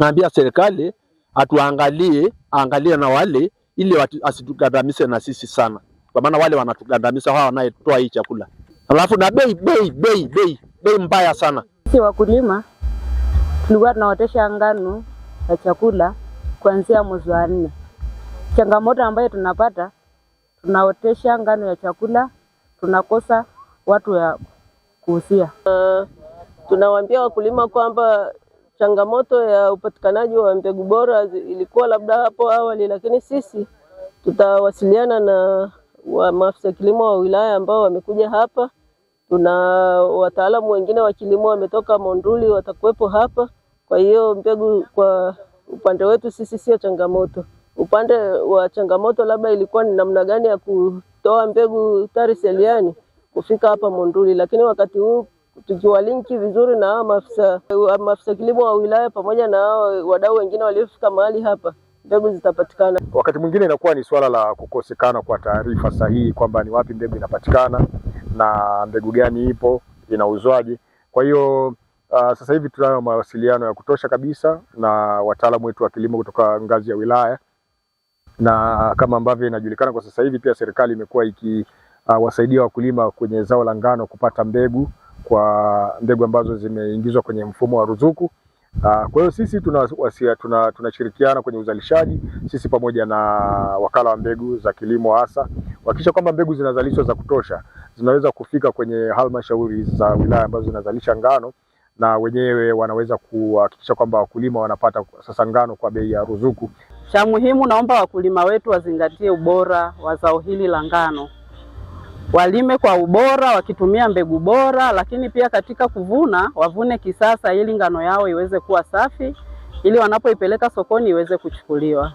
naambia serikali atuangalie, angalie na wale ili asitugandamise na sisi sana, kwa maana wale wanatugandamisa hawa wanayetoa hii chakula, alafu na bei bei bei bei bei mbaya sana. Sisi wakulima tulikuwa tunaotesha ngano ya chakula kuanzia mwezi wa nne. Changamoto ambayo tunapata, tunaotesha ngano ya chakula tunakosa watu ya kuhusia. Uh, tunawaambia wakulima kwamba changamoto ya upatikanaji wa mbegu bora ilikuwa labda hapo awali, lakini sisi tutawasiliana na wa maafisa kilimo wa wilaya ambao wamekuja hapa. Tuna wataalamu wengine wa kilimo wametoka Monduli, watakuwepo hapa. Kwa hiyo mbegu kwa upande wetu sisi sio changamoto. Upande wa changamoto labda ilikuwa ni namna gani ya kutoa mbegu TARI Seliani kufika hapa Monduli, lakini wakati huu tukiwalinki vizuri na maafisa eh, maafisa kilimo wa wilaya pamoja na wadau wengine waliofika mahali hapa mbegu zitapatikana. Wakati mwingine inakuwa ni swala la kukosekana kwa taarifa sahihi kwamba ni wapi mbegu inapatikana na mbegu gani ipo inauzwaje. Kwa hiyo uh, sasa hivi tunayo mawasiliano ya kutosha kabisa na wataalamu wetu wa kilimo kutoka ngazi ya wilaya, na kama ambavyo inajulikana kwa sasa hivi pia serikali imekuwa ikiwasaidia uh, wakulima kwenye zao la ngano kupata mbegu kwa mbegu ambazo zimeingizwa kwenye mfumo wa ruzuku. Ah, kwa hiyo sisi tunashirikiana tuna, tuna kwenye uzalishaji sisi pamoja na wakala wa mbegu za kilimo hasa kuhakikisha kwamba mbegu zinazalishwa za kutosha zinaweza kufika kwenye halmashauri za wilaya ambazo zinazalisha ngano na wenyewe wanaweza kuhakikisha kwamba wakulima wanapata sasa ngano kwa bei ya ruzuku. Cha muhimu, naomba wakulima wetu wazingatie ubora wa zao hili la ngano walime kwa ubora wakitumia mbegu bora, lakini pia katika kuvuna wavune kisasa ili ngano yao iweze kuwa safi, ili wanapoipeleka sokoni iweze kuchukuliwa.